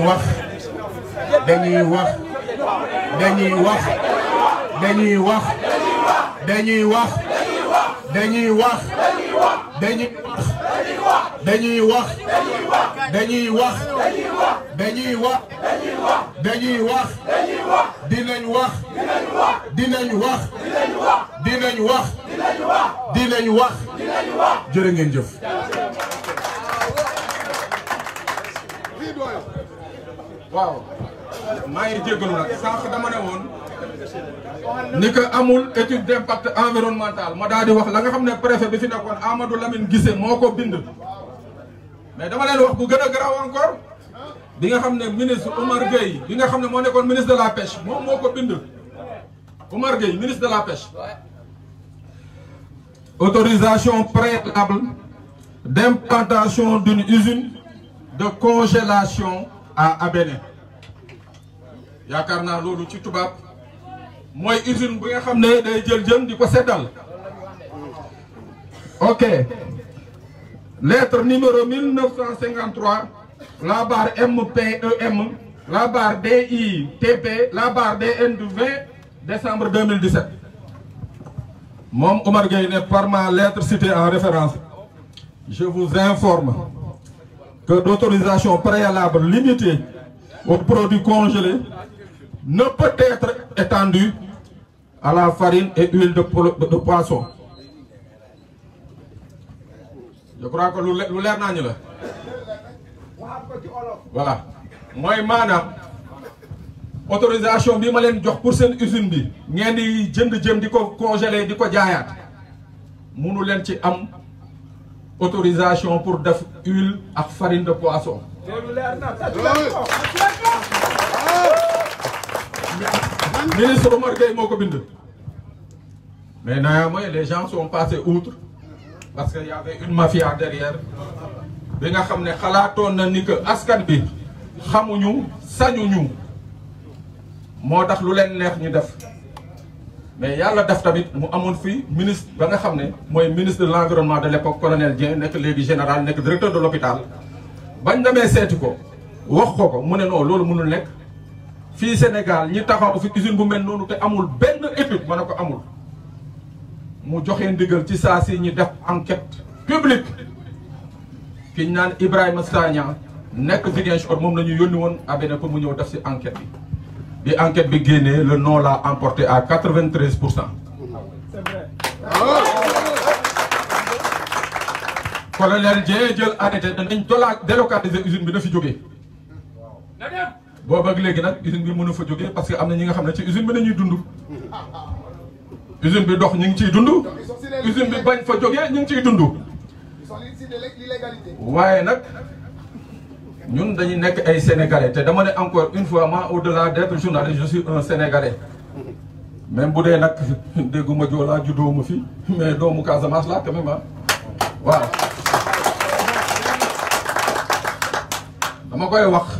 wax dañuy wax dañuy wax dañuy wax dañuy wax dañuy wax dañuy wax dañuy wax dañuy wax dañuy wax dañuy wax dinañ wax dinañ wax dinañ wax dinañ wax jërë ngeen jëf waaw maa ngi jégalu nag sànq dama ne woon ni que amul étude d'impact environnemental ma dadi wax la nga xamné préfet bi fi nekkoon Amadou Lamine gisse moko bind. mais dama len wax bu gëna a encore bi nga xamné ministre Omar Gueye bi nga xamné mo moo ministre de la pêche mom moko bind. Omar Gueye ministre de la pêche autorisation préalable d'implantation d'une usine de congélation à Abéné. Yakarna naa ci tubab moy usine bi nga xamné day jël ok lettre numéro 1953 la barre MPEM e la barre DITP la barre DN 20 décembre 2017 Mon Omar Gueye par ma lettre citée en référence je vous informe que d'autorisation préalable limitée aux produits congelés ne peut être étendue à la farine et huile de, poisson. Je crois que nous l'avons naa la voilà Moi, maanaam autorisation bi ma jox pour cette usine bi ngeen di jënd jëm diko congeler diko ko jaayaat munu ci am autorisation pour def huile ak farine de poisson ministre Omar Gueye Moko Binde. mais néanmoins les gens sont passés outre parce qu'il y avait une mafia derrière bi nga xam ne xalaatoon na ni que askan bi xamuñu sañuñu moo lu leen neex ñu def mais Yalla Daf tamit mu amoon fii ministre ba nga xam ministre de l'environnement de l'époque colonel Dieng le léegi général directeur de l'hôpital bañ demee seeti ko wax ko ko mu ne non loolu fi Sénégal ñi taxaw fi usine bu mel nonu te amul benn étude ma amul mu joxe ndigal ci saasi ñi ñu def enquête publique ki ñaan Ibrahima Sagna nek Ziguinchor moom la ñu yónni woon abene ko mu ñew def ci enquête bi bi enquête bi génnee le nom l'a emporté à 93 pour cent. colonel Dieng jël arrêté danañ dolaat délocaliser usine bi na fi jógee. booba ak léegi nag usine bi mënu fa jógee parce que am na ñi nga xam ne ci usine bi nañuy dund usine bi dox ñu ngi ciy dund usine bi bañ fa jógee ñu ngi ciy dundu waaye nag ñun dañuy nekk ay sénégalais te dama ne encore une fois moi au-delà d'être journaliste je suis un sénégalais bu dee nag dégguma joolaa juddoo ma fi mais doomu Casamance laa quand même ah waaw dama koy wax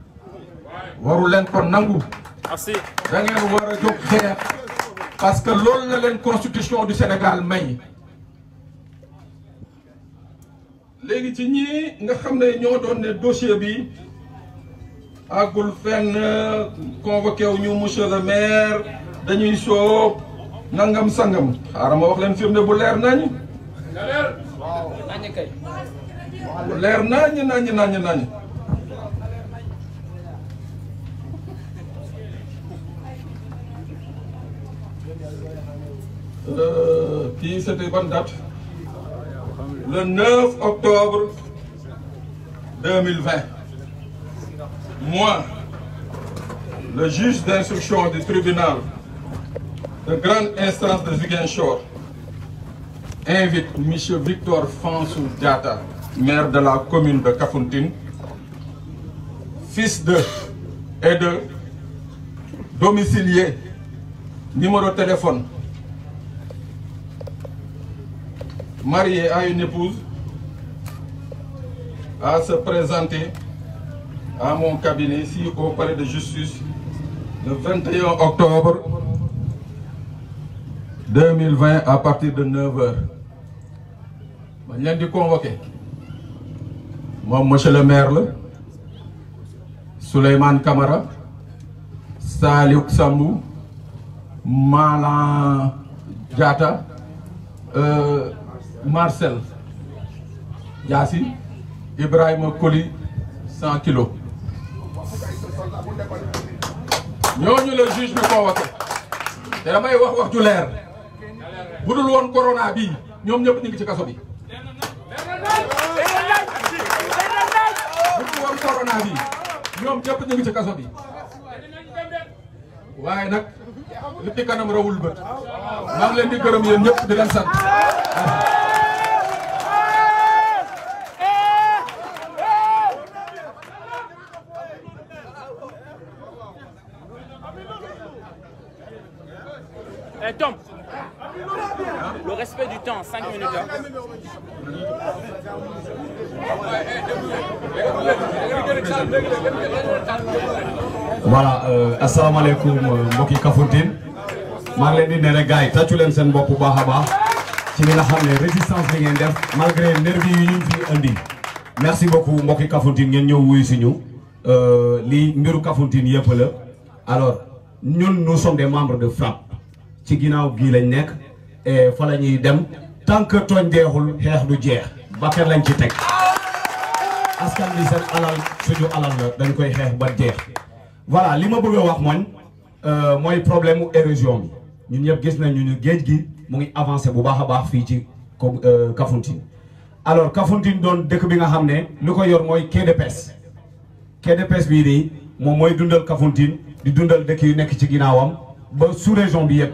waru leen ko nangu da ngeen war a jóg xeex parce que loolu na leen constitution du Sénégal may léegi ci ñii nga xam ne ñoo doon ne dossier bi àggul fenn convoqué ñu monsieur le maire dañuy soob nangam sangam xaaral ma wax leen firnde bu leer nañ bu leer nañ nañ nañ nañ le euh, c'était bonne date le 9 octobre 2020 moi le juge d'instruction du tribunal de grande instance de Ziguinchor invite M. Victor Fansou Diata, maire de la commune de Kafontine fils de et de domicilié numéro de téléphone marié à une épouse à se présenter à mon cabinet ici au palais de justice le 21 octobre 2020 à partir de 9h. Je suis convoqué. Moi, monsieur le maire, Suleiman Kamara, Saliouk Samou, Malan Gata Marcel Yacine Ibrahim Koli 100 kilos ñooñu le juge bi convoqué te damay wax wax ju leer budul won corona bi ñom ñep ñi ngi ci kasso bi budul won corona bi ñom ñep ñi ngi ci kasso bi waye nak li ci kanam rawul bët ma ngi leen di gërëm yeen ñep di leen sant temps, 5 minutes. Hein. voilà euh, euh mbokki Kafountine maa ngi leen di ne rek gars yi tàccu leen seen bopp ci résistance bi ngeen def malgré nervi yi ñu fi indi merci beaucoup Moki Kafoutine ngeen ñëw wuyu si ñu euh, lii mbiru Kafountine yëpp la alors ñun nous sommes des membres de FRAP ci ginnaaw lañ fa la ñuy dem tant que tooñ deexul xeex du jeex bakkan lañ ci tek askan bi seen alal suñu alal la dañ koy xeex ba jeex voilà lima ma bëgg a wax mooy euh, mooy problème érosion bi ñun ñep gis nañu ñu geej gi mu ngi avancer bu baax a baax fii ci euh, Kafountine alors Kafountine doon dëkk bi nga xamné ne lu ko yor moy quai de pêche quai de pêche bii nii moom mooy dundal Kafountine di dundal dëkk yu nekk ci ginaawam ba sous région bi yépp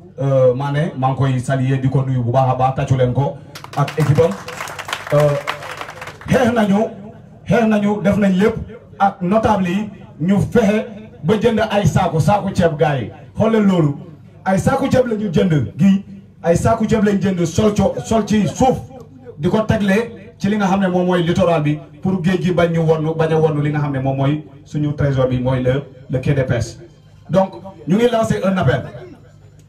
Euh, Mané maa ngi koy saluer di ko nuyu bu baax a baax tàccu leen ko ak équipe am euh, xeex nañu xeex nañu def nañ lépp ak notable yi ñu fexe ba jënd ay saaku saaku ceeb gars yi xool loolu ay saaku ceeb la ñu jënd gi ay saaku ceeb lañ jënd sol co sol ci suuf di ko tegle ci li nga xam ne moom mooy littoral bi pour géej gi bañ ñu wonnu bañ a wonnu li nga xam ne moom mooy suñu trésor bi mooy le le quai donc ñu ngi lancé un appel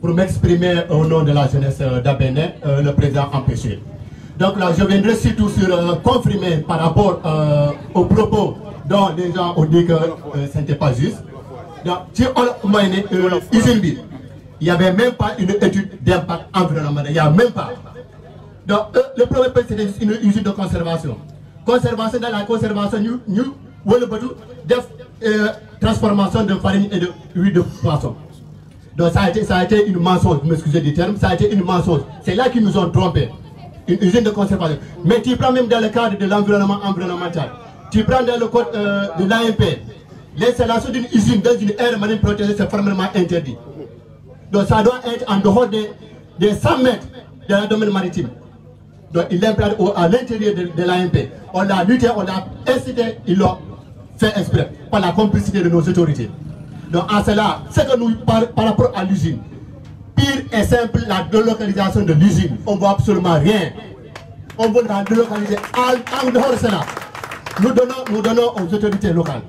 pour m'exprimer au nom de la jeunesse euh, d'Abéné, euh, le président empêché. Donc là, je viendrai surtout sur euh, confirmer par rapport aux propos dont les gens ont dit que ce n'était pas juste. Donc, il n'y avait même pas une étude d'impact environnemental. Il n'y a même pas. Donc, le premier point, c'était une usine de conservation. Conservation dans la conservation, nous, nous, transformation de farine et de huile de poisson. Donc ça a été, ça a été une mensonge, m'excusez du terme, ça a été une mensonge. C'est là qu'ils nous ont trompés. Une usine de conservation. Mais tu prends même dans le cadre de l'environnement environnemental, tu prends dans le code euh, de l'AMP, l'installation d'une usine dans une aire marine protégée, c'est formellement interdit. Donc ça doit être en dehors des, des 100 mètres de la domaine maritime. Donc il est à l'intérieur de, l'AMP. On a lutté, on a incité, ils l'ont fait exprès, par la complicité de nos autorités. Donc en ah, cela, c'est que nous par, rapport à l'usine, pire et simple la délocalisation de l'usine. On ne voit absolument rien. On veut la délocaliser ah, ah, en, dehors de cela. Nous donnons, nous donnons aux autorités locales.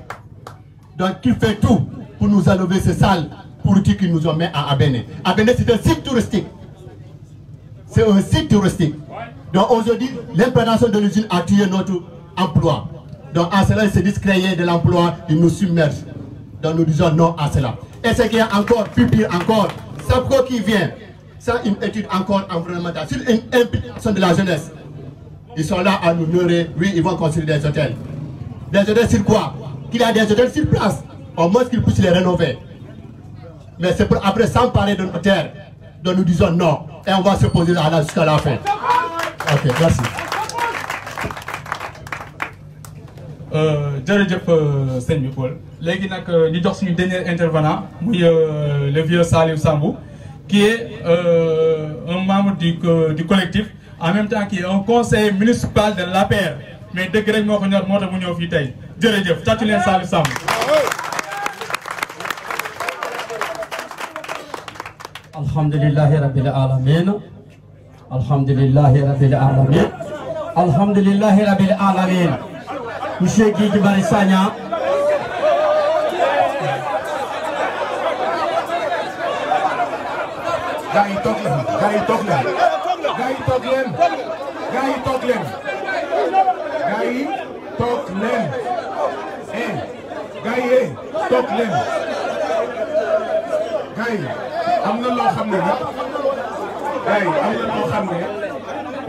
Donc qui fait tout pour nous enlever ces salles politiques qui nous ont mis à Abéné. Abéné c'est un site touristique. C'est un site touristique. Donc aujourd'hui, l'implantation de l'usine a tué notre emploi. Donc en cela, ils se disent créer de l'emploi, ils nous submergent. Donc nous disons non à cela. Et ce qui est encore plus pire encore, c'est quoi qui vient sans une étude encore environnementale, C'est une implication de la jeunesse. Ils sont là à nous nourrir oui, ils vont construire des hôtels. Des hôtels sur quoi Qu'il y a des hôtels sur place, au moins qu'ils puissent les rénover. Mais c'est pour après sans parler de nos terres, dont nous disons non. Et on va se poser là, là jusqu'à la fin. Ok, merci. Euh, Je euh, sëñ bi Paul léegi nag euh, ñu dernier intervenant le vieux Salif Sambou qui est un membre du du collectif en même temps qui est un conseiller municipal de paire. mais de rek moo ko ñor moo au mu ñëw fii tey jërëjëf tàccu Salif Sambou. Alhamdulillah, rabbil alamin alhamdulillahi rabbil alamin alhamdulillahi rabbil alamin monsieur Guy Marie Sagna gaa yi toog leen gaa yi toog leen gaa yi toog leen gaa yi toog leen gaa am na loo xam ne nag gaa am na loo xam ne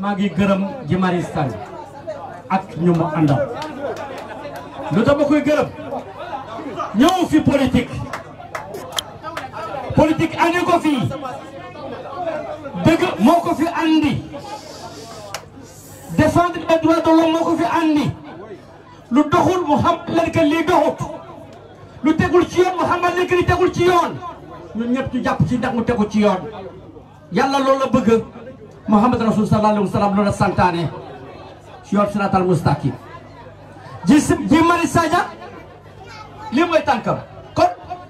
maa ngi gërëm Guy Marius Sagna ak ñu mu àndal lu tax ma koy gërëm ñëw fi politique politique andi ko fii dëgg moo ko fi andi défendre les droits de moo ko fi andi lu doxul mu xam leen que lii ci yoon mu xamal leen li tegul ci yoon ñun ñëpp ñu jàpp ci ndax mu tegu ci yoon yàlla loolu la bëgg Muhammad Rasul sallallahu alayhi wa sallam loolu la santaane yoon siraatal mustaqim ji si ji mari sadia lii mooy tànkam kon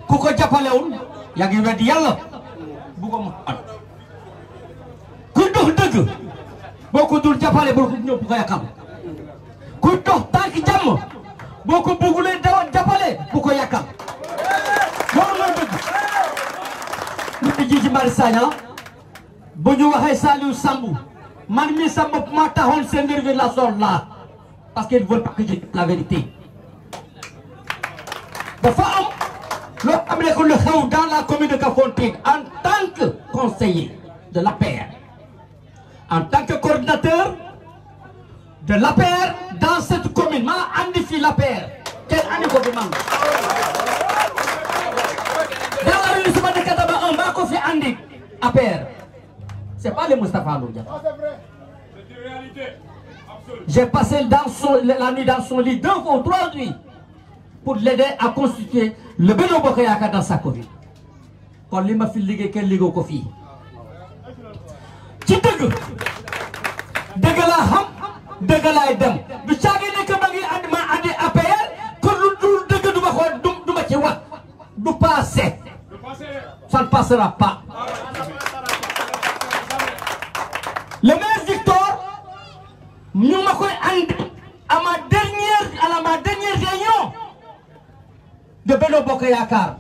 ku ko jàppalewul yaa ngi weddi yàlla bu mu at ku dox dëgg boo dul jàppale bul ñëw ku dox tànk jàmm boo ko bëggulee dara jàppale bu ko yàqal loolu mooy ji ci mari ñu waxee Saliou Sambou man mi sa bopp maa taxoon seen la sol là, parce qu'ils veulent pas que je la vérité dafa am loo xam le ko dans la commune de Kafountine en tant que conseiller de l'APR en tant que coordinateur de l'APR dans cette commune maa andi fii l'APR kenn andi ko fi man dans la rue Soubadakata ba un maa ko fi andi APR c'est pas les Mustafa Aloudia. Ah, c'est vrai. C'est une réalité. J'ai passé la nuit dans son lit deux fois, trois nuits pour l'aider à constituer le bénévolat dans sa commune. Quand il m'a fait ligue, au kofi. ça ne passera pas ah le maire Victor, nous à ma dernière, à ma dernière réunion de Belo Bokayakar,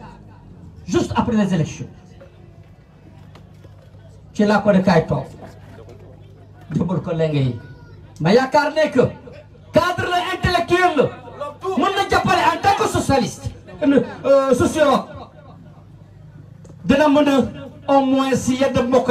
juste après les élections. C'est là qu'on ne de toog Mais ko lenge ma que cadre intellectuel la mën pas en tant que socialiste euh, euh, sociologue dina mën a au moins si a mbokk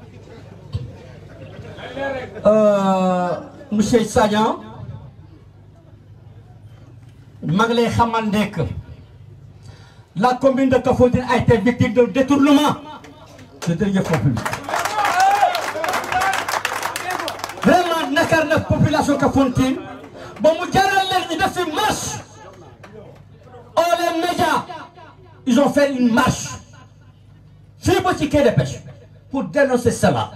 Euh, monsieur Sayan maa Khamandek, la commune de Kafoutine a été victime de détournement de deniers vraiment nakar population de population Kafoutine fait une marche oh les médias ils ont fait une marche c'est une petite quai de pêche pour dénoncer cela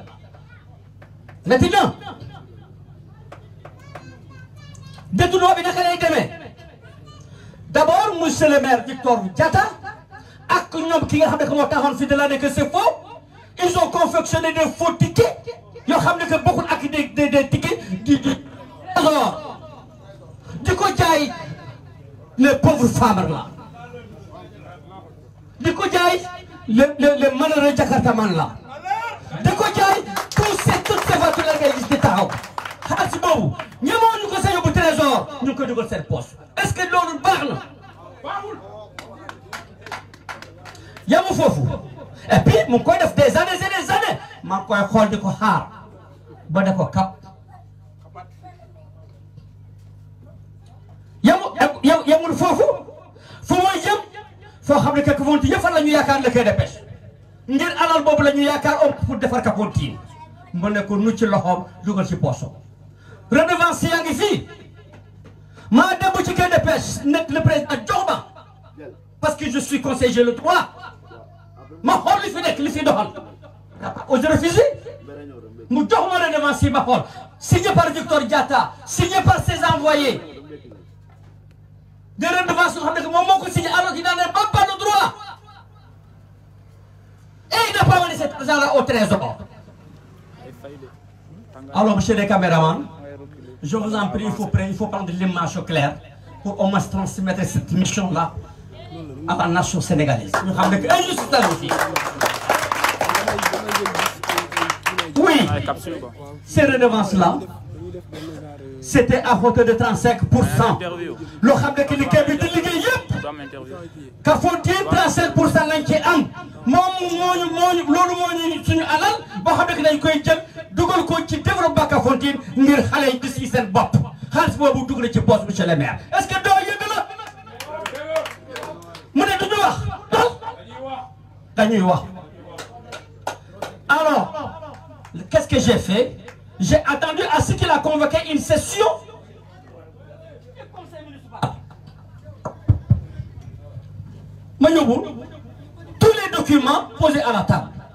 Maintenant, détournement bi naka lay demee d'abord monsieur le maire Victor Diatta ak ñoom ki nga xam ne que moo de la que c'est faux ils ont confectionné de faux tickets yoo xam que bokkul ak des tickets di di alors di les pauvres femmes là di ko jaay les les les malheureux man là. taxaw xaalis boobu ñemoo ñu ko sa yóbbu trésor ñu ngi ko dugal seen poche est-ce que loolu baax na yamu foofu et puis mu ngi koy def des années et des années maa ngi koy xool di ko xaar ba da ko kap yamu yam yamul foofu fu mooy yem foo xam ne Cap Vert la ñu yaakaar la koy dépêche alal boobu la ñu yaakaar om pour defar Cap Vert mané ko nu ci loxom dougal ci poosam redevance yaa fi ma maa ci quai de pêche nekk le président jox parce que je suis conseiller le droit ma xool li fi nekk li fi doxal j'ai refusé mu jox ma redevance yi ma xool signé par Victor Diatta signé par ses envoyés de redevance yoo xam ne moom moo ko signé alors qu'il n'en a même pas le droit et il n'a pas mené cet argent là au trésor Mmh. Alors, monsieur les caméramans, je vous en prie, il faut, il faut prendre l'image claire pour au moins transmettre cette mission-là à la nation sénégalaise. Oui, ces redevances-là, c'était à hauteur de 35%. Le ka fourteen trente-sept pour cent lañ am mom moñu moñu loolu moñu suñu alal bo xam ne dañ koy jël dugal ko ci développement ka fourteen ngir xalé yi gis yi seen bopp xaalis boobu ci poche monsieur le maire est-ce que do yëg la mu ne du wax dañuy wax alors qu'est-ce que j'ai fait j'ai attendu à ce qu'il a convoqué une session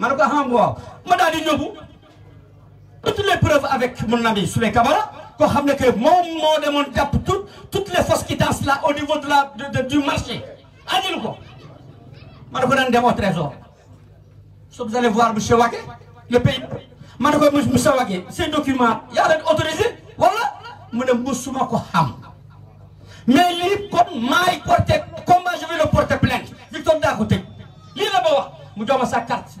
ma ne ko ah waaw di toutes les preuves avec mon ami Souley Camara koo xam ne que moom moo mon jàpp tout toutes les fausses dansent là au niveau de la du marché allez ko ma ne ko daan démontrer au so vous allez voir monsieur Wagué le pays ma ne ko monsieur Wagué ces documents yaa leen autorisé wala mu ne musuma ko xam mais lui comme maay porté combat je vais le porter plainte Victor daa ko tëj lii la ma wax mu jox sa carte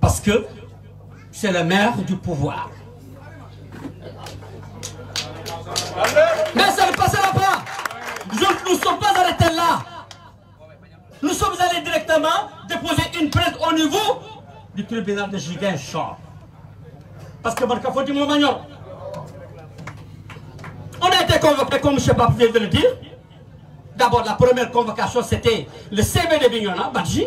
Parce que c'est la mère du pouvoir. Mais ça ne passera pas. nous ne sommes pas arrêtés là. Nous sommes allés directement déposer une plainte au niveau du tribunal de Gigan-Champ. Parce que Marca Magnon, on a été convoqué, comme je pas pas vient de le dire. D'abord, la première convocation, c'était le CV de Bignona, Badji.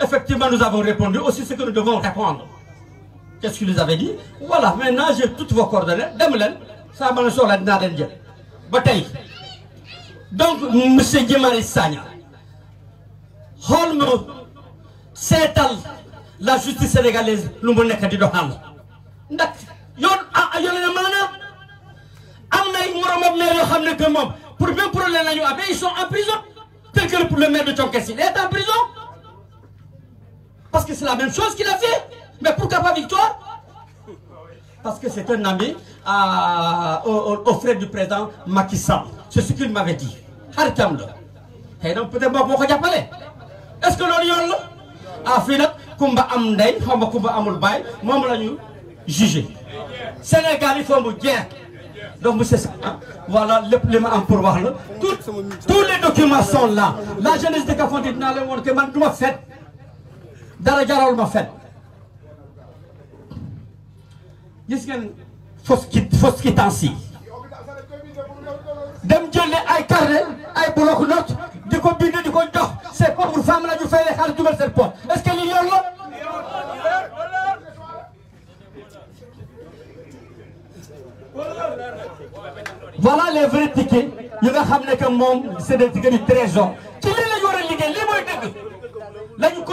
Effectivement, nous avons répondu aussi ce que nous devons répondre. Qu'est-ce qu'il nous avait dit Voilà, maintenant j'ai toutes vos coordonnées. Demelen, ça m'a sur la Nadendje. Bataille. Donc, M. Djemari Sanya, Holme, c'est la justice sénégalaise, nous sommes pas train ndax yoon ah, ah yoon a maanaam am na ay moromam maire yoo pour même problème les ñu ils sont en prison tel que le maire de Thionckès il est en prison. Parce que c'est la même chose qu'il a fait. Mais pourquoi pas victoire Parce que c'est un ami à, euh, au, frère du président Macky Sall. C'est ce qu'il m'avait dit. Et donc peut-être Est-ce que l'on y a fait Kumba am ndey xaw comme Kumba amul baay je la ñu jugé Sénégal il faut bien donc c'est ça ah, voilà le plan pour wax tous les documents sont là la jeunesse de Kafondi, na le woon que man dara jaral ma fen gis ngeen fausse qui fausse quittance yi dem jël ay carnet ay bloc note diko bind diko ko c'est ces pauvres femmes la ñu fay leen xal dugal seen poche est-ce que lii yoon la. voilà les vrais tickets yi nga xam ne que moom c'est des tickets du trésor ci lii la ñu war a liggéey lii mooy dëgg ko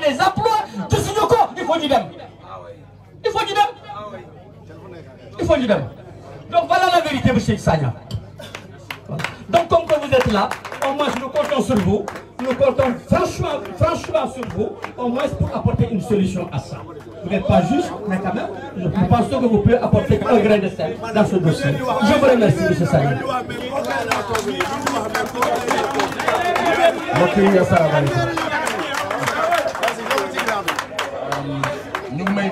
des emplois tu suñu quoi il faut du il faut du il faut du donc voilà la vérité monsieur Sagna donc comme que vous êtes là au moins nous comptons sur vous nous comptons franchement franchement sur vous au moins pour apporter une solution à ça vous n'êtes pas juste mais quand même je pense que vous pouvez apporter un grain de sel dans ce dossier je vous remercie monsieur Sagna Merci.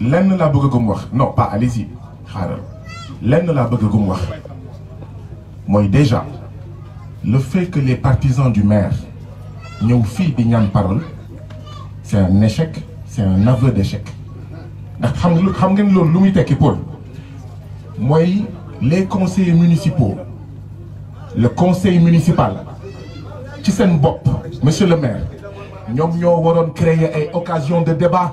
lenn laa bëgg gum wax non pas allez-y xaaral lenn la bëgg gum wax mooy déjà le fait que les partisans du maire ñëw fii di ñaan parole c'est un échec c'est un aveu d'échec ndax xam nga xam ngeen loolu lu muy les conseillers municipaux le conseil municipal ci seen monsieur le maire ñoom ñoo waroon créer ay occasion de débat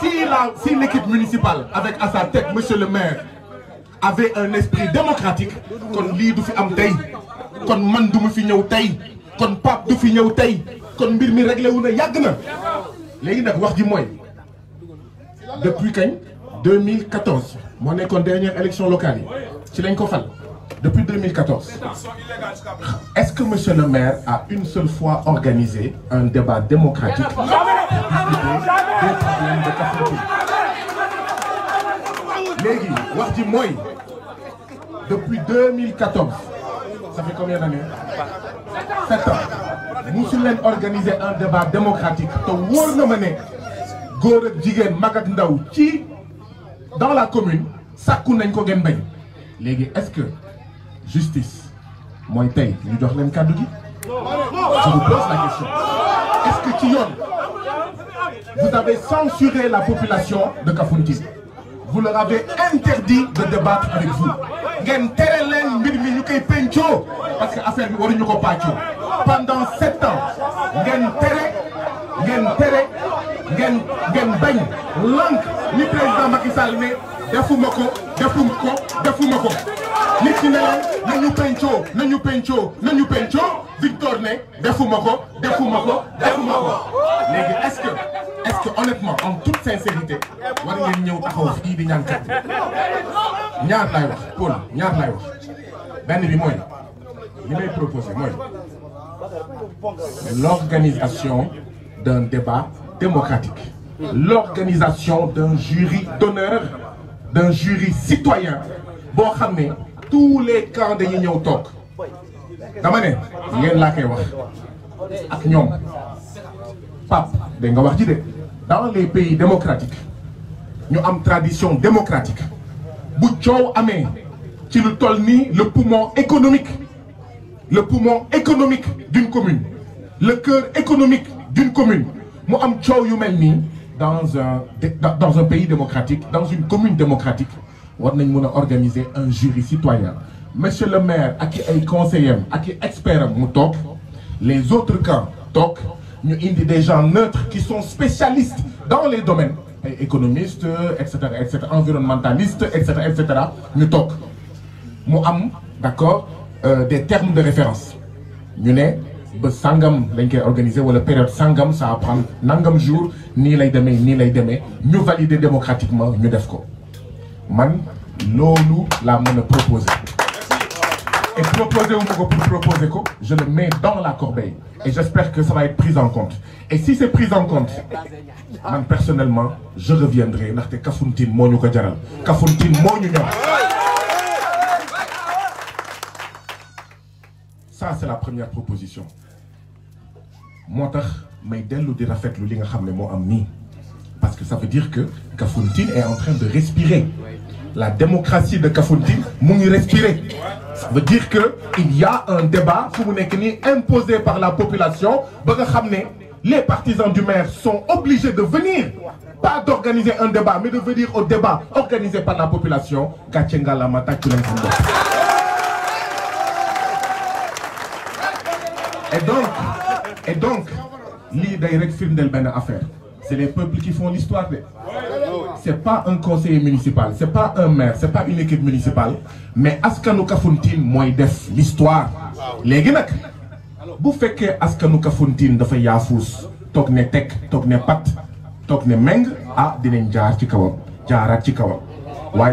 si la si l'équipe municipale avec à sa tête monsieur le maire avait un esprit démocratique qu'on lii du fi qu'on tey kon man du ma fi ñëw qu'on kon Pape du fi ñëw tey kon mbir mi réglé wu na yàgg na léegi nag wax depuis quand? 2014 dernière élection locale ci lañ ko depuis 2014. Est-ce que monsieur le maire a une seule fois organisé un débat démocratique Jamais depuis 2014, ça fait combien d'années 7 ans. Nous a organisé un débat démocratique. Dans la commune, ça est-ce que justice moi, tey ñu jox je vous pose la question est-ce que ci vous avez censuré la population de Kafountine vous leur avez interdit de débattre avec vous parce que pendant sept ans vous defuma ko defuma ko n'anyu pencho, n'anyu pencho, n'anyu pencho. nañu nañu Victor ne defuma ko defuma ko est-ce que est-ce que honnêtement en toute sincérité war ngeen ñëw taxaw fi di ñaan kat ñaar lay wax Paul ñaar lay wax benn bi moy li may proposer moy l'organisation d'un débat démocratique l'organisation d'un jury d'honneur d'un jury citoyen pour tous les camps de l'Union Tok. dans les pays démocratiques avons une tradition démocratique bu avons le poumon économique le poumon économique d'une commune le cœur économique d'une commune Nous avons une dans un, dans un pays démocratique, dans une commune démocratique, on a organiser un jury citoyen monsieur le maire à qui est conseiller, à qui expert les autres camps nous ñu des gens neutres qui sont spécialistes dans les domaines économistes etc., environnementalistes etc. Nous Nous d'accord euh, des termes de référence ñu ba sangam lañ koy organiser wala période sangam ça va prendre nangam jour ni lay ni ni lay mai, ñu valider démocratiquement ñu def ko man nous, la mën proposé proposer. et proposer ou ma pour proposer ko je le mets dans la corbeille et j'espère que ça va être pris en compte et si c'est pris en compte man personnellement je reviendrai nakte kafuntine moo ñu ko jaral kafuntine ñu ça c'est la première proposition parce que ça veut dire que Kafountine est en train de respirer la démocratie de Kafountine mouni respirer ça veut dire que il y a un débat imposé par la population les partisans du maire sont obligés de venir pas d'organiser un débat mais de venir au débat organisé par la population et donc et donc lii de rek affaire c'est les peuples qui font l'histoire Ce c'est pas un conseiller municipal c'est pas un maire c'est pas une équipe municipale mais Askanou Kafountine moi def l'histoire léegi nag bu que Askanou Kafountine dafa yaafuus toog ne tek, toog pat togne meng a ah, dinen jaar ci kawam Chikawa, quand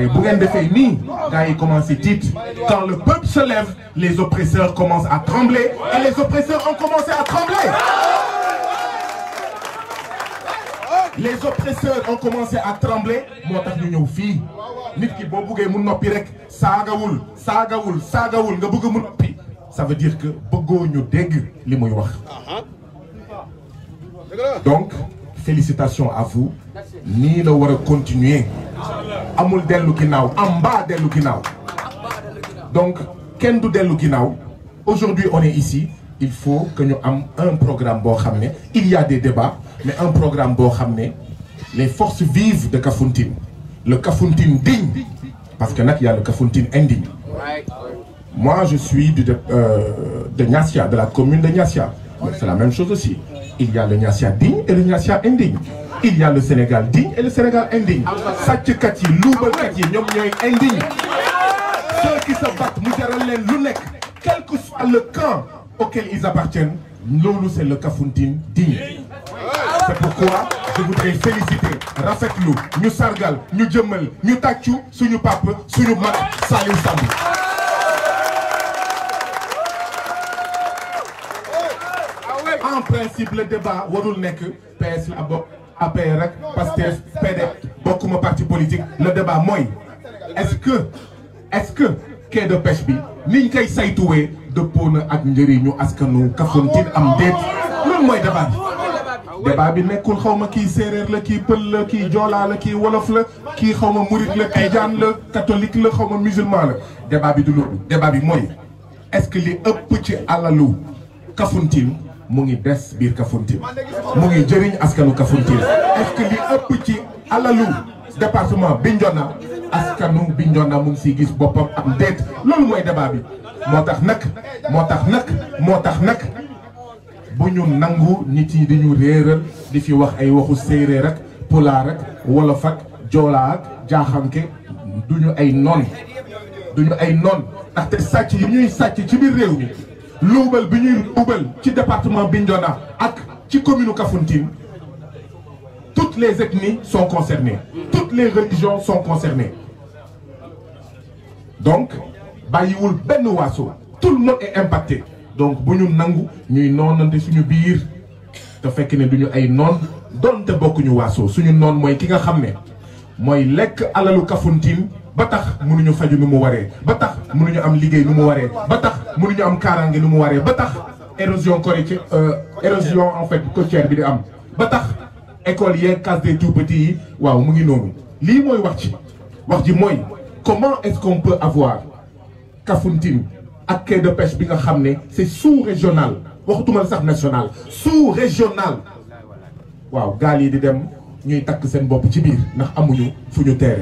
le peuple se lève les oppresseurs commencent à trembler et les oppresseurs ont commencé à trembler les oppresseurs ont commencé à trembler Moi t'as ñu ñëw fii nit ki boo buggee mu noppi rek saagawul saagawul ça veut dire que bëggoo ñu dégg li donc félicitations à vous ni la voir continuer amul del Lukinao. am del Lukinao. donc Kendo del Lukinao. aujourd'hui on est ici il faut que nous am un programme pour ramener il y a des débats mais un programme pour ramener les forces vives de Kafountine le Kafountine digne parce qu'il y y a le Kafountine indigne moi je suis de euh, de la commune de Niassia c'est la même chose aussi il y a le Niasia digne et le Niasia indigne. Il y a le Sénégal digne et le Sénégal indigne. sàcc kat yi Kati, kat ceux qui se battent mu jaral quel que soit le camp auquel ils appartiennent nous c'est le Kafountine digne. c'est pourquoi je voudrais féliciter Lou, ñu sargal ñu jëmmal ñu Tachou, suñu Pape, principe le débat warul nekk PS la bokk APR rek PASTEF PDS bokkuma parti politique le débat mooy est-ce est-ce que quai de pêche bi niñ koy saytuwee dëppoo na ak njëriñu askanu Kafountine am déet loolu mooy débat bi débat bi nekkul xaw ma kii séeréer la kii pël la kii joolaa la kii wolof la kii xaw ma murit la tijaan la catholique la xaw ma musulman la débat bi du loolu débat bi mooy est li ëpp ci alalu Kafountine mu ngi des biir Kafountine mu ngi jëriñ askanu Kafountine est-ce que li ëpp ci alalu département Bignona askanu Bignona mu ngi siy gis boppam am déet loolu mooy débat bi moo tax nag moo tax nag moo tax nag bu ñu nangu nit yi di ñu réeral di fi wax ay waxu séeréer ak pulaar ak wolof ak joolaa ak jaaxanke duñu ay noon duñu ay noon ndaxte sàcc yi ñuy sàcc ci biir réew mi L'Oubel, ubal Loubel, qui département Bignona ak ci commune Kafountine toutes les ethnies sont concernées toutes les religions sont concernées donc bàyyiwul Benouasso, waaso tout le monde est impacté donc nous sommes nangu ñuy noonante suñu biir te fekk ne duñu ay nous donte bokkuñu waaso suñu non mooy ki nga xam ne mooy lekk alalu Kafountine ba tax mënuñu faju nu mu waré ba tax mënuñu am liggéey nu mu waré ba tax mënuñu am karangé nu mu waré ba tax érosion côtière euh, érosion en fait côtière bi di am ba tax école yé casse des tout petit waaw mu ngi noonu li moy wax ci wax ji moy comment est-ce qu'on peut avoir Kafountine ak quai de pêche bi nga xamné c'est sous-régional waxtuma sax national sous-régional waaw gal yi di dem ñuy tak seen bop ci biir ndax amuñu fuñu téré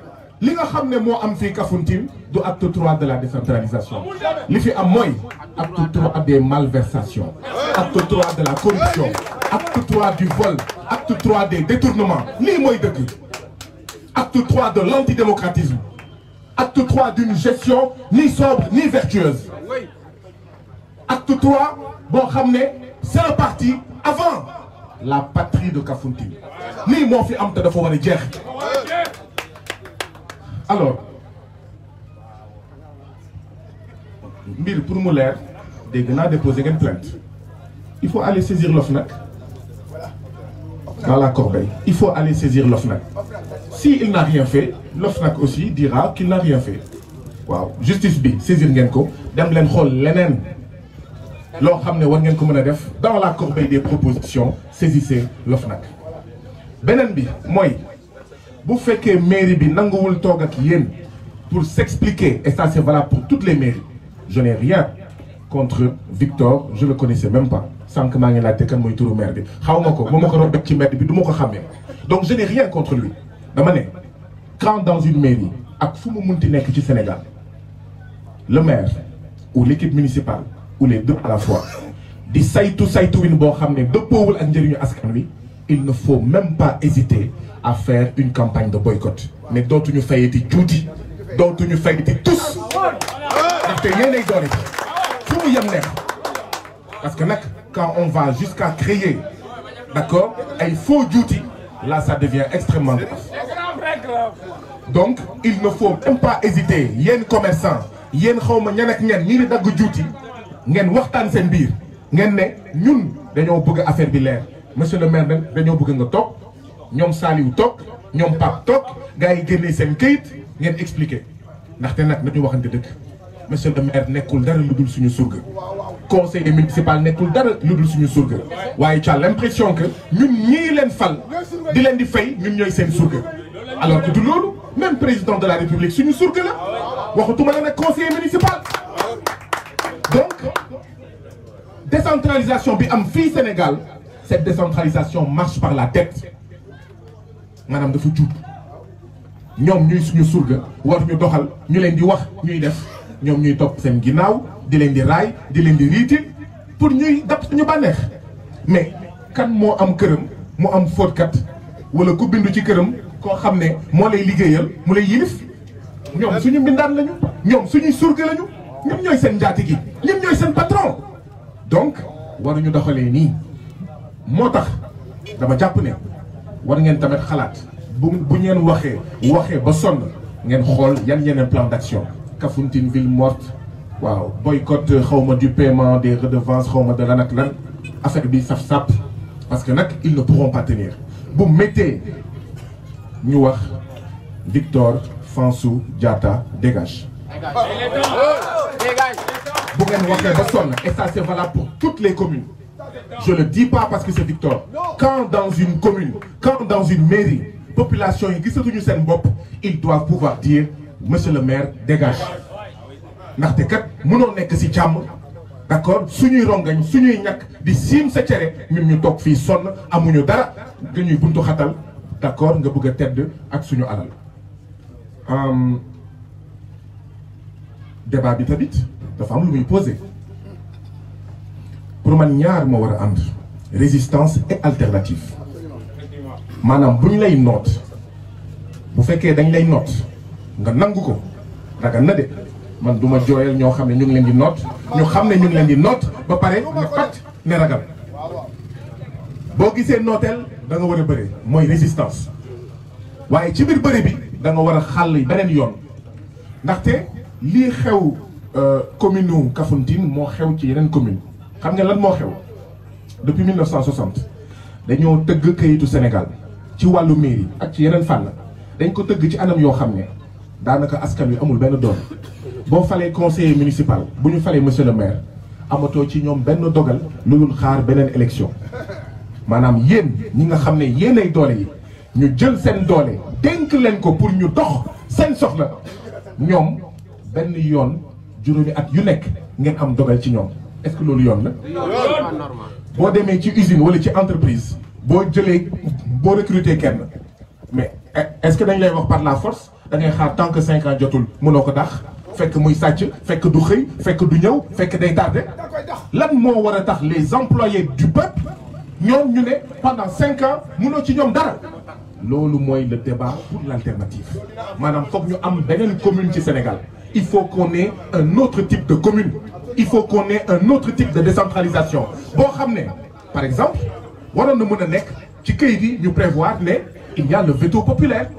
Ce que vous savez, c'est qu'il y l'acte 3 de la décentralisation. Ce qui a l'acte 3 des malversations, l'acte 3 de la corruption, l'acte 3 du vol, l'acte 3 des détournements, ni moi de L'acte 3 de l'antidémocratisme, l'acte 3 d'une gestion ni sobre ni vertueuse. L'acte 3, bon, c'est un parti avant la patrie de Kafountine. Ni moi, je suis de peu de alors pour mu déposés, déposer une plainte il faut aller saisir l'OFNAC dans la corbeille il faut aller saisir l'OFNAC S'il n'a rien fait l'OFNAC aussi dira qu'il n'a rien fait Wow justice B, saisir l'OFNAC. ko dem leen xool dans la corbeille des propositions saisissez l'OFNAC Benenbi, bi bu fekkee mairie bi nangoul toog ak pour s'expliquer et ça c'est valable pour toutes les mairies je n'ai rien contre Victor je le connaissais même pas sànq ma ngi laajte kan moy turu maire bi xaw ma ko moom ci maire bi du ma ko donc je n'ai rien contre lui dama né quand dans une mairie ak fu mu munti nek ci Sénégal le maire ou l'équipe municipale ou les deux à la fois di saytu win bo xamné ne powul ak njëriñu askan wi il ne faut même pas hésiter à faire une campagne de boycott mais d'autres fayeti nous faisons fayeti tous les yéenay parce que quand on va jusqu'à créer d'accord il faux duty là ça devient extrêmement grave donc il ne faut pas hésiter un commerçant homme, xawma y a il y a un des y a des ñun monsieur le maire nag dañoo bëgg nga toog ñoom Saliou toog ñoom Pape toog gars yi génnee seen kayit ngeen expliqué ndaxte nag nañu waxante dëkk monsieur le maire nekkul dara lu dul suñu surga conseiller municipal nekul dara luddul suñu surga waye tu l'impression que ñun ñii leen fal di leen di fay ñun ñoy seen surga alors que du loolu même président de la république suñu surga la waxatuma la nag conseiller municipal donc décentralisation bi am fi Sénégal cette décentralisation marche par la tête Madame de nous ñuy suñu surga war Nous sommes ñu les di wax ñuy def ñoom ñuy Nous sommes tous di pour ñuy suñu mais quand moi am nous mu am kat wala ku bindu ci kërëm ko xamné mo lay ligéyal mu lay yilif ñom suñu lañu ñom suñu surga lañu ñoy seen jati gi sommes ñoy seen patron donc ñu ni moo dama japp ne war ngeen tamit xalaat bu ñeen ngeen waxee ba son ngeen xol yan yeneen plan d'action Kafountine ville morte waaw boycott xawma du paiement des redevances xawma de lan ak lan affaire bi saf sap parce que nak ils ne pourront pas tenir bu méttee ñu wax Victor Fansou Diatta dégage bu ngeen waxee ba son et ça c'est valable pour toutes les communes je ne le dis pas parce que c'est Victor. Quand dans une commune, quand dans une mairie, population, ils doivent pouvoir dire, monsieur le maire, dégage. ndaxte kat mënoo nekk si jàmm d'accord suñuy rongañ suñuy ñàkk di siim sa cere ñun ñu toog fii sonn amuñu dara nga buntu xatal d'accord nga bëgg a ak suñu alal. débat bi tamit La am lu muy posé. pour man ñaar moo war a ànd résistance et alternative maanaam bu ñu lay noot bu fekkee dañ lay noot nga nangu ko ragal na de man du ma jooyal ñoo xam ne ñu ngi leen di noot ñu xam ne ñu ngi leen di noot ba pare ne pat ne ragal boo gisee nooteel danga war a bëre mooy résistance waaye ci biir bëre bi danga war a xàll beneen yoon ndaxte lii xew euh, commune u Kafountine moo xew ci yeneen commune xam nga lan moo xew depuis 1960 dañoo tëgg kayitu Sénégal ci wàllu mairie ak ci yeneen fànn dañ ko tëgg ci anam yoo xam ne daanaka askan wi amul benn doon boo falee conseiller municipal bu ñu falee monsieur le maire amatoo ci ñoom benn dogal lu dul xaar beneen élection maanaam yéen ñi nga xam ne yéenay doole yi ñu jël seen doole dénk leen ko pour ñu dox seen soxla ñoom benn yoon juróomi at yu nekk ngeen am dogal ci ñoom est-ce que nous lions? Bon boo demee ci usine wala une entreprise si les, recruter mais est-ce que vous avez par la force Vous tant que 5 ans jotul que muy avez du fait que du fait que day les employés du peuple nous ñu pendant 5 ans nous dara le débat pour l'alternative vous nous ñu am commune Sénégal il faut qu'on ait un autre type de commune il faut qu'on ait un autre type de décentralisation par exemple il y a le veto populaire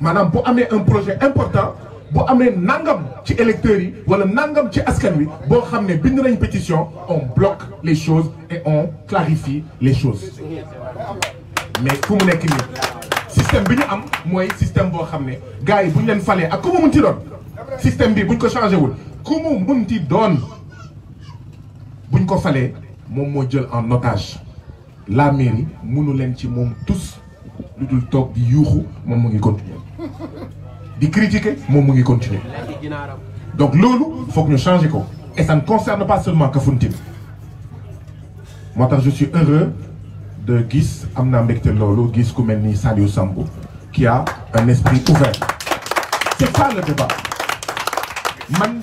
Madame, pour amener un projet important Pour amener nangam ci électeurs yi wala nangam ci askan wi pétition on bloque les choses et on clarifie les choses mais comment est que système bi Un am système pour amener. ne vous yi pas ñu ak Le système bi buñ ko comme mu munti donne buñ ko falé mom mo jël en otage la mairie mënu leen ci mom tous lu top toog di yuuxu moom mu ngi continuer di critiquer mom mo ngi continuer donc faut que ñu changer ko et ça ne concerne pas seulement Kafountine moi je suis heureux de gis Amna naa mbégte gis ku mel qui a un esprit ouvert c'est ça le débat man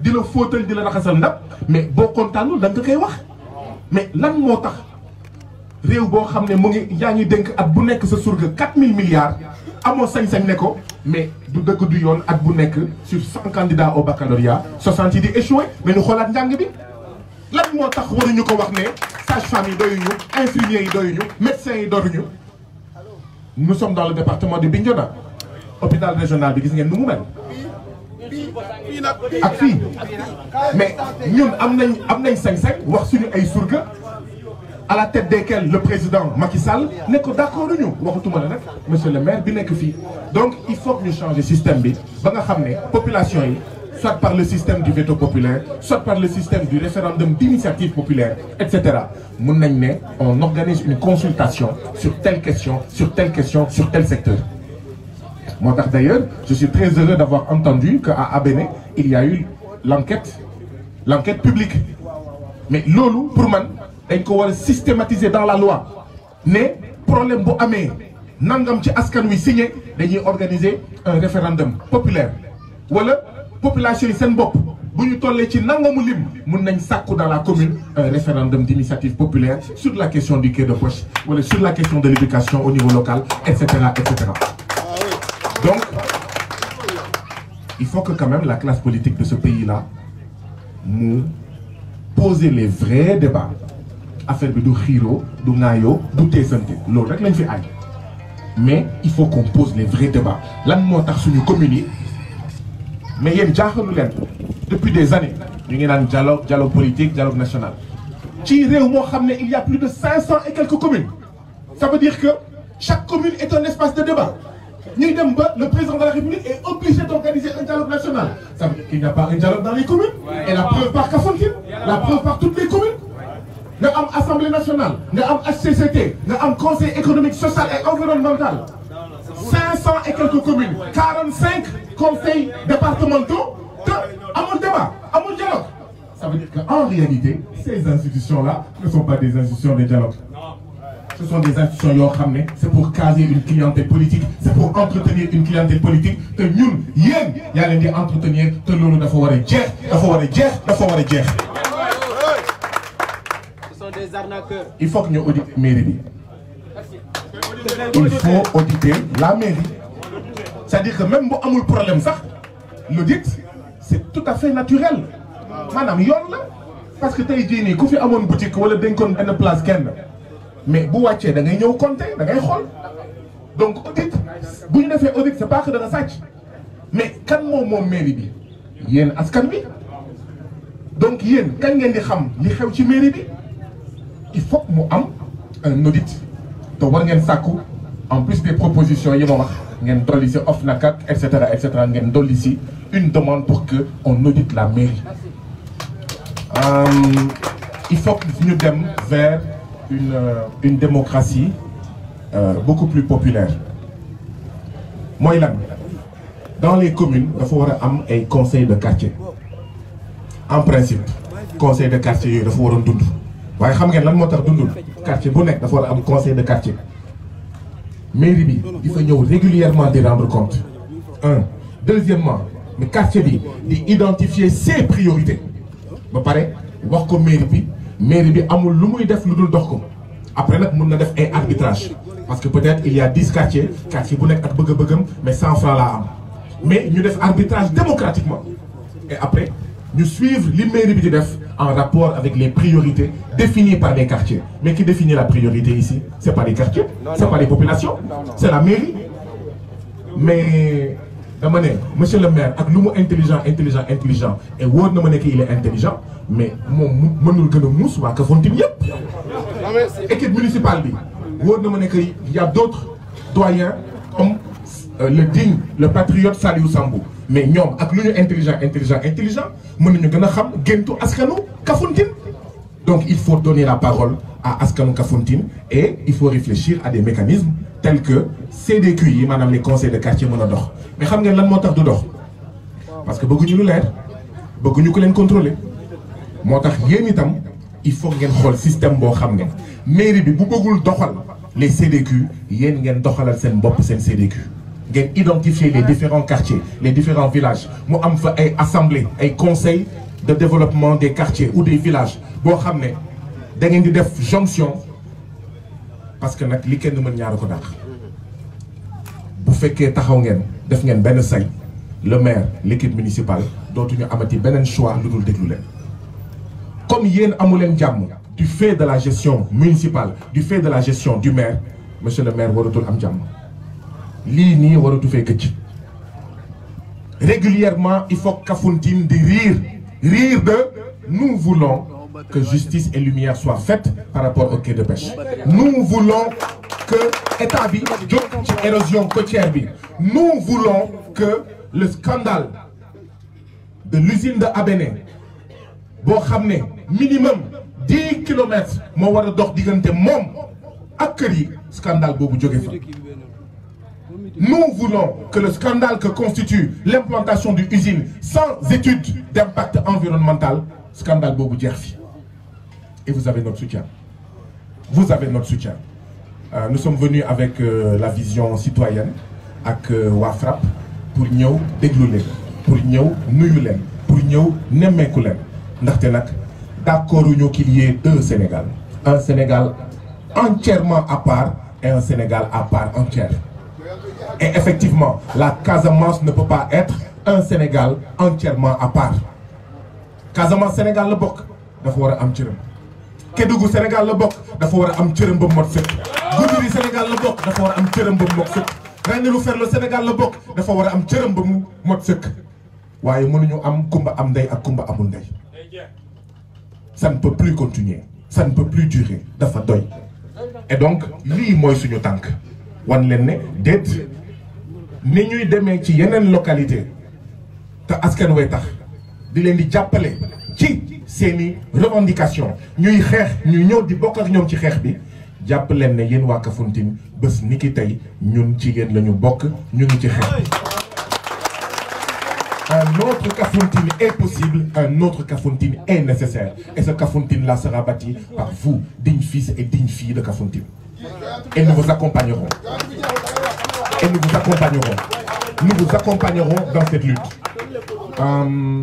di la fóotal di la raxasal ndap mais bo kontaanul da nga koy wax mais lan motax rew bo xamne mo ngi yaa denk at bu nek sa surga 4000 milliards amo sañ-sañ neko mais du deug du yoon at bu nek sur 100 candidats au baccalauréat 60 di échoué mais ñu xolat njàng bi lan motax tax ñuko wax ne sage famille yi doyuñu infirmiers yi doyuñu médecins yi nous sommes dans le département de Bignona hôpital régional bi gis ngeen nu mu mel ak mais nous avons nañ am à la tête desquels le président Macky Sall n'est d'accord ñu monsieur le maire donc il faut que nous changions le système bi ba population soit par le système du veto populaire soit par le système du référendum d'initiative populaire etc. on organise une consultation sur telle question sur telle question sur tel secteur moi d'ailleurs je suis très heureux d'avoir entendu qu'à Abéné il y a eu l'enquête l'enquête publique mais lolo pour moi, dañ ko systématisée dans la loi mais problème bo Amé nangam ci askan wi signé organiser un référendum populaire wala population sen population buñu tollé nous ci nangamu lim dans la commune un référendum d'initiative populaire sur la question du quai de poche, sur la question de l'éducation au niveau local etc. Donc, il faut que quand même la classe politique de ce pays-là nous pose les vrais débats. Affaire du Hiro, du Nayo, du Tessante. Mais il faut qu'on pose les vrais débats. Là, nous avons communiqué. Mais il y a depuis des années. Nous avons un dialogue, dialogue politique, dialogue national. Il y a plus de 500 et quelques communes. Ça veut dire que chaque commune est un espace de débat le président de la République est obligé d'organiser un dialogue national. Ça veut dire qu'il n'y a pas un dialogue dans les communes. Et la preuve par Kafountine, la preuve par toutes les communes. nga assemblée nationale nga HCCT conseil économique social et environnemental. 500 et quelques communes 45 conseils départementaux à mon débat à mon dialogue. Ça veut dire qu'en réalité ces institutions-là ne sont pas des institutions de dialogue ce sont des institutions qui c'est pour caser une clientèle politique c'est pour entretenir une clientèle politique Que ñun yéen yaa leen di entretenir te loolu dafa devons il faut dafa des a il dafa ce sont des arnaqueurs. il faut que auditions la mairie il faut auditer la mairie c'est-à-dire que même bu amul problème ça. l'audit c'est tout à fait naturel Madame yon, parce que tey jii nii ku fi une boutique wala dénkoon place mais bu wàccee da ngay compte, compter da ngay compte. donc audit bu ñu defee audit c'est pas que dana sàcc mais kan moom moom mairie bi yéen askan bi donc y a ngeen di xam li xew ci mairie bi il faut mu am un audit Donc, war ngeen sàkku en plus des propositions il y wax ngeen dolli si OFNAC ak et cetera et cetera ngeen dolli si une demande pour que on audite la mairie euh, il faut que ñu dem vers une, euh, une démocratie euh, beaucoup plus populaire Moi, a dans les communes il faut avoir un conseil de quartier en principe conseil de quartier il faut avoir un doudou. xam ngeen lan un un quartier bu nekk faut conseil de quartier mairie il faut régulièrement di rendre compte un deuxièmement le quartier il identifier ses priorités ba que wax ko mairie bi mais bi amul lu muy def faire après nous mën na def arbitrage parce que peut-être il y a 10 quartiers quartier bu nek ak bëgg mais sans francs la am mais ñu def arbitrage démocratiquement et après nous suivre les maires bi di en rapport avec les priorités définies par les quartiers mais qui définit la priorité ici c'est pas les quartiers c'est pas les populations c'est la mairie mais monsieur le maire ak lu mu intelligent intelligent intelligent et vous na ma il est intelligent mais nous, meunul gëna a wa waa Kafountine équipe municipale bi na ma y a d'autres doyens comme euh, le digne le patriote Saliou Sambou mais nous, ak lu ñu intelligent intelligent intelligent mën ñu gëna xam donc il faut donner la parole à askanu Kafountine et il faut réfléchir à des mécanismes tels que CDQ les conseils de quartier mën mais xam savez lan moo tax parce que de lu leer nous ko leen contrôler moo tax yéen itam il faut vous le système soit xam ne mairie bi bu beugul doxal les CDQ vous ngeen doxalal sen bopp sen CDQ. ngeen identifier les différents quartiers les différents villages mu am fa ay assemblée ay conseils de développement des quartiers ou des villages Vous xamné des da ngeen di jonction parce que nak li kenn mën ñaaru ko dàq bu fekke taxaw ngeen def ngeen ben sañ le maire l'équipe municipale ñu amati benen choix lu dul déglu leen comme yeen amulen jamm du fait de la gestion municipale du fait de la gestion du maire monsieur le maire waratul am jamm li ni waratu que gëcc régulièrement il faut Kafountine di rire rire de nous voulons que justice et lumière soient faites par rapport au quai de pêche nous voulons que état bi côtière nous voulons que le scandale de l'usine de Abéné bo minimum 10 km wara dox scandale Nous voulons que le scandale que constitue l'implantation d'une usine sans étude d'impact environnemental, scandale Bobo Djerfi et vous avez notre soutien. Vous avez notre soutien. Euh, nous sommes venus avec euh, la vision citoyenne, avec euh, Wafrap, pour nous déglouler, pour nous nuyuler, pour nous sommes D'accord qu'il y ait deux Sénégal. Un Sénégal entièrement à part et un Sénégal à part entière. Et effectivement, la Casamance ne peut pas être un Sénégal entièrement à part. Casamance Sénégal le boc dafa war am Kédougou Sénégal la bok dafa wara am cërëm ba mot sëkk Goudiri Sénégal la bok dafa wara am cërëm ba mot sëkk Ranérou Ferlo Sénégal la bok dafa wara am cërëm ba mu mot sëkk waaye mënuñu am kumba am ndey ak kumba amul ndey ça ne peut plus continuer ça ne peut plus durer dafa doy et donc li moy suñu tank wan len ne déet ni ñuy démé ci yenen localité te askan way tax di len di jappalé ci c'est une revendication ñuy xex ñu ñëw di bokk ak ñom ci xex bi japp leen ne yeen ñun ci bokk ñu ngi ci un autre cafontine est possible un autre cafontine est nécessaire et ce cafontine là sera bâti par vous dignes fils et dignes filles de cafontine. et nous vous accompagnerons et nous vous accompagnerons nous vous accompagnerons dans cette lutte euh,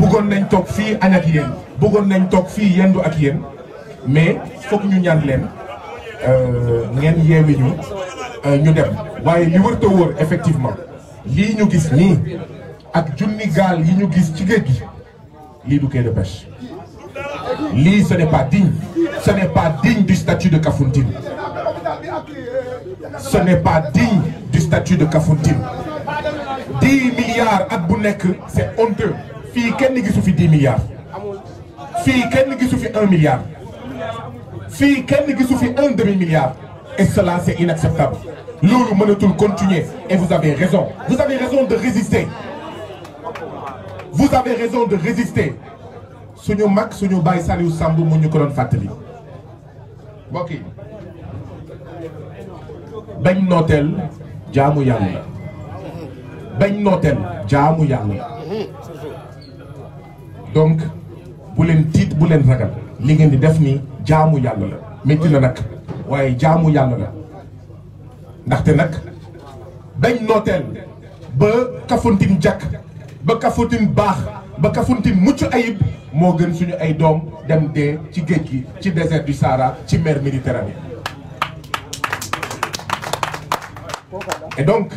nañ tok fi nañ yendu ak mais fokk ñu ñaan leen euh, ngeen ñu euh, ñu dem effectivement li ñu gis ak yi ñu gis ci gi du ce n'est pas digne ce n'est pas digne du statut de Kafountine ce n'est pas digne du statut de Kafountine 10 milliards à bu c'est honteux fii kenn gisu fi 10 milliards fii kenn gisu fi 1 milliard fii kenn gisu fi un demi milliard et cela c'est inacceptable loolu mënatul continuer et vous avez raison vous avez raison de résister vous avez raison de résister suñu Max, suñu Baye, Saliou Samb mu kolon ko Ben fàttali mbokk Ben notel, nooteel donc bu leen tiit bu leen ragal li ngeen di def ni jaamu yàlla la métti na nag waaye jaamu yàlla la ndaxte nag dañ nooteel ba Kafountine jàkk ba Kafountine baax ba Kafountine mucc ayib moo gën suñu ay doom dem dee ci géej gi ci désert du Sahara ci mer Méditerranée et donc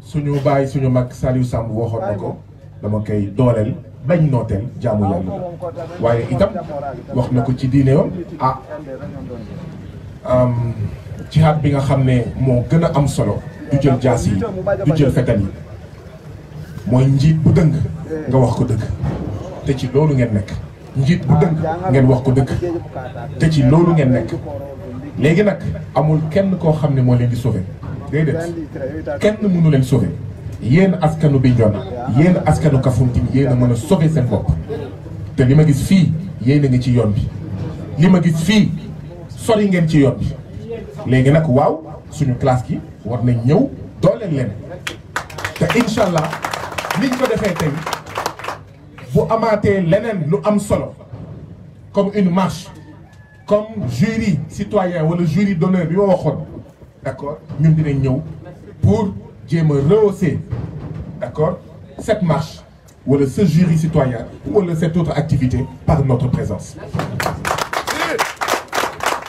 suñu bàyyi suñu mag Saliou Samb waxoon na ko dama koy dooleel bañ nooteel jaamu yàlla waaye itam wax na ko ci diine yoon ah ci xaat bi nga xam ne moo gën a am solo du jël jaas yi du jël fetal yi mooy njiit bu dëng nga wax ko dëgg te ci loolu ngeen nekk njiit bu dëng ngeen wax ko dëgg te ci loolu ngeen nekk léegi nag amul kenn koo xam ne moo leen di sauver déedéet kenn mënu leen yéen askanu Bignona yéen askanu Kafountine yéen a mën a sauver seen bop te li gis fi yéen a ngi ci yoon bi li gis fi sori ngeen ci yoon bi léegi nag waaw suñu classe gi war na ñew dooleel leen te inshallah allah niñ ko defee tay bu amaté leneen lu am solo comme une marche comme jury citoyen wala jury d'honneur bi waxone d'accord ñun dinañ ñew pour. Je rehausser d'accord cette marche le ce jury citoyen ou cette autre activité par notre présence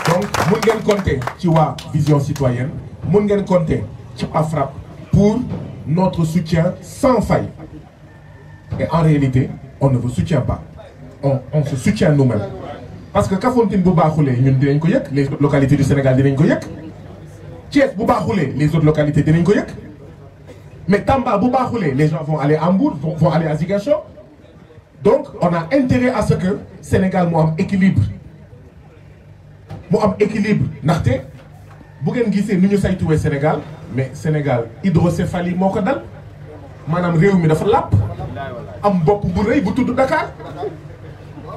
donc mun ngeen compter ci vision citoyenne mun ngeen compter ci AFRAP pour notre soutien sans faille et en réalité on ne vous soutient pas on se soutient nous-mêmes parce que quand on dit ñun les localités du Sénégal dinañ ko les autres localités dinañ ko mais Tamba, Boubaroulé, les gens vont aller à Hambourg, vont, aller à Ziguinchon. Donc, on a intérêt à ce que Sénégal ait un équilibre. Ait un équilibre. Narté, vous voyez, nous sommes au Sénégal, mais Sénégal, hydrocéphalie, c'est dal. Madame Réou, il a fait lap. Am bop bu reuy bu tuddu Dakar.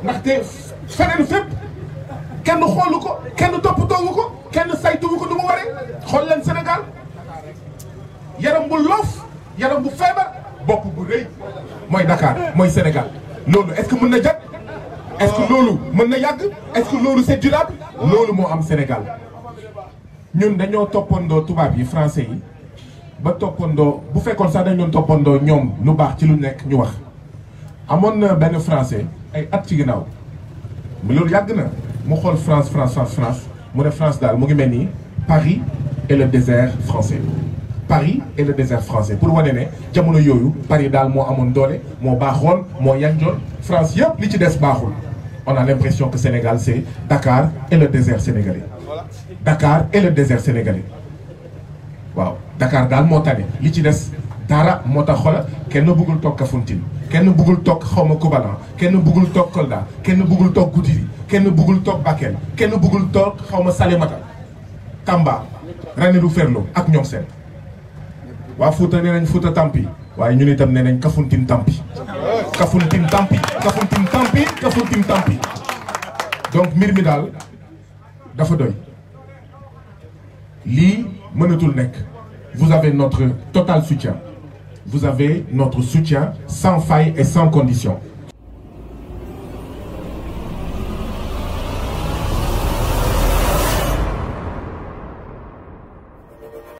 Narté, fenen fep. Kenn xolu ko, kenn topato ko, kenn saytu ko duma waré. Xol len Sénégal yaram bu loof yaram bu feebar bop bu reuy moy Dakar moy Sénégal est-ce que nous na est-ce que loolu meuna yag est-ce que nous c'est durable Nous mo am Sénégal ñun yi français yi ba topando bu fekkon sax dañu topando ñom lu ci lu français ay at ci mu yag na mu France France France France mu France d'al, mu ngi Paris et le désert français Paris et le désert français pour wane ne jamono yooyu Paris daal moo amoon Mon baron, mon moo yanjoon France yëpp li ci des baaxul on a l'impression que Sénégal c'est Dakar et le désert sénégalais Dakar et le désert sénégalais waaw Dakar daal moo tane li ci des dara moo tax xola kenn bëggul toog Kafountine kenn bëggul tok xawma Koubalan kenn bëggul toog Kolda kenn bëggul tok Goudiri kenn bëggul tok Bakel kenn bëggul tok xawma Salémata Tamba Ranérou Ferlo ak ñom sel Wa foota nee nañ foota Tampi waaye ñun itam nee nañ Kafountine Tampi Kafountine Tampi Kafountine Tampi Kafountine Tampi donc mbir mi daal dafa doy lii mënatul nekk vous avez notre total soutien vous avez notre soutien sans faille et sans condition